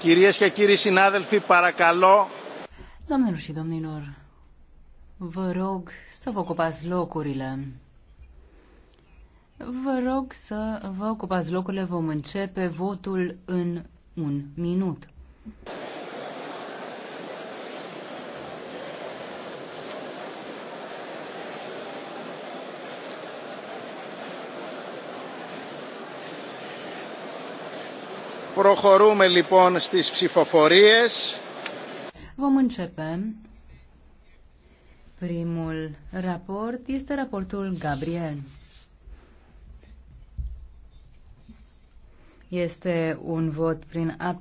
Κυρίες και κύριοι συνάδελφοι, παρακαλώ. Doamnelor și domnilor, vă rog să vă ocupați locurile. Vă rog să vă ocupați locurile, vom începe votul în un minut. Προχωρούμε λοιπόν στις ψηφοφορίες. Vom începe. Primul raport este raportul Gabriel. Este un vot prin apel.